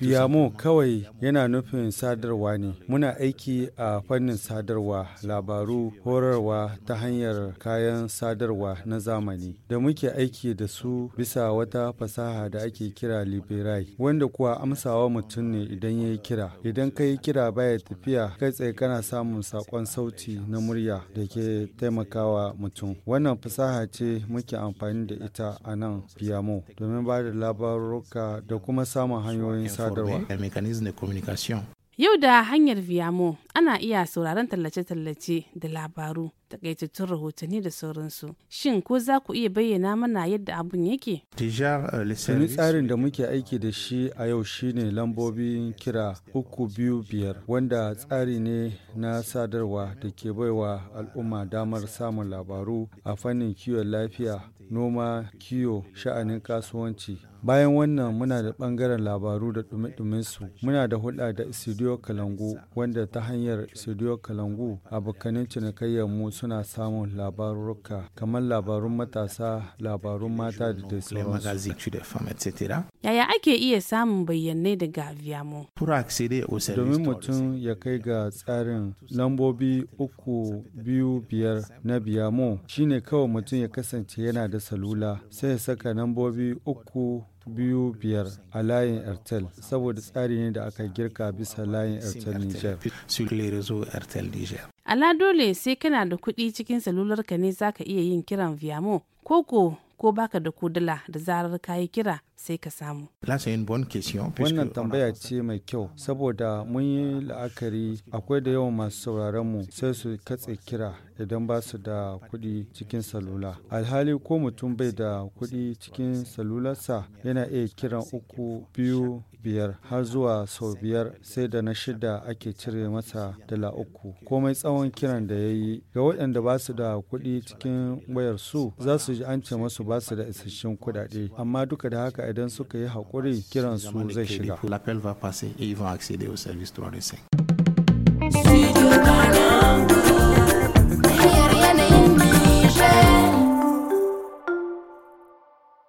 Piyamo kawai yana nufin sadarwa ne. Muna aiki a fannin sadarwa, labaru, horarwa ta hanyar kayan sadarwa na zamani da muke aiki da su bisa wata fasaha da ake kira Liberai, wanda kuwa amsawa mutum ne idan ya yi kira. Idan ka yi kira baya tafiya, kai tsaye kana samun sakon sauti na murya da ke taimakawa mutum. Wannan fasaha ce muke amfani da ita a nan Piyamo domin ba da labaruka da kuma samun Il y a Yau da hanyar communication. ana iya sauraron tallace-tallace da labaru takaitattun rahotanni da sauransu shin ko za ku iya bayyana mana yadda abun yake eh, tuni tsarin da muke aiki da shi a yau shine lambobin kira uku biyu biyar wanda tsari ne na sadarwa da ke baiwa al'umma damar samun labaru a fannin kiwon lafiya noma kiwo sha'anin kasuwanci bayan wannan muna da bangaren labaru da dumi su muna da hulɗa da studio kalangu wanda ta hanyar hanyar studio kalangu abokanin cinikayyar mu suna samun labaruka kamar labarun matasa labarun mata da dai yaya ake iya samun bayyanai daga aviamo domin mutum ya kai ga tsarin lambobi uku biyu biyar na biyamo shine kawai mutum ya kasance yana da salula sai ya saka lambobi uku biyu biyar a layin airtel saboda tsari ne da aka girka bisa layin airtel niger ala dole sai kana da kuɗi cikin salularka ne zaka iya yin kiran viamo koko ko baka da kudula da zarar kayi kira sai ka samu. Wannan tambaya ce mai kyau saboda mun yi la'akari akwai da yawan masu sauraron mu sai su katse kira idan ba su da kuɗi cikin salula. Alhali ko mutum bai da kuɗi cikin salularsa yana iya kiran uku biyu biyar har zuwa sau biyar sai da na shida ake cire masa dala uku komai tsawon kiran da ya yi ga waɗanda ba su da kuɗi cikin wayar su za su ji an ce masu ba su da isasshen kuɗaɗe amma duka da haka idan suka yi haƙuri kiran su zai shiga. va de Ghana.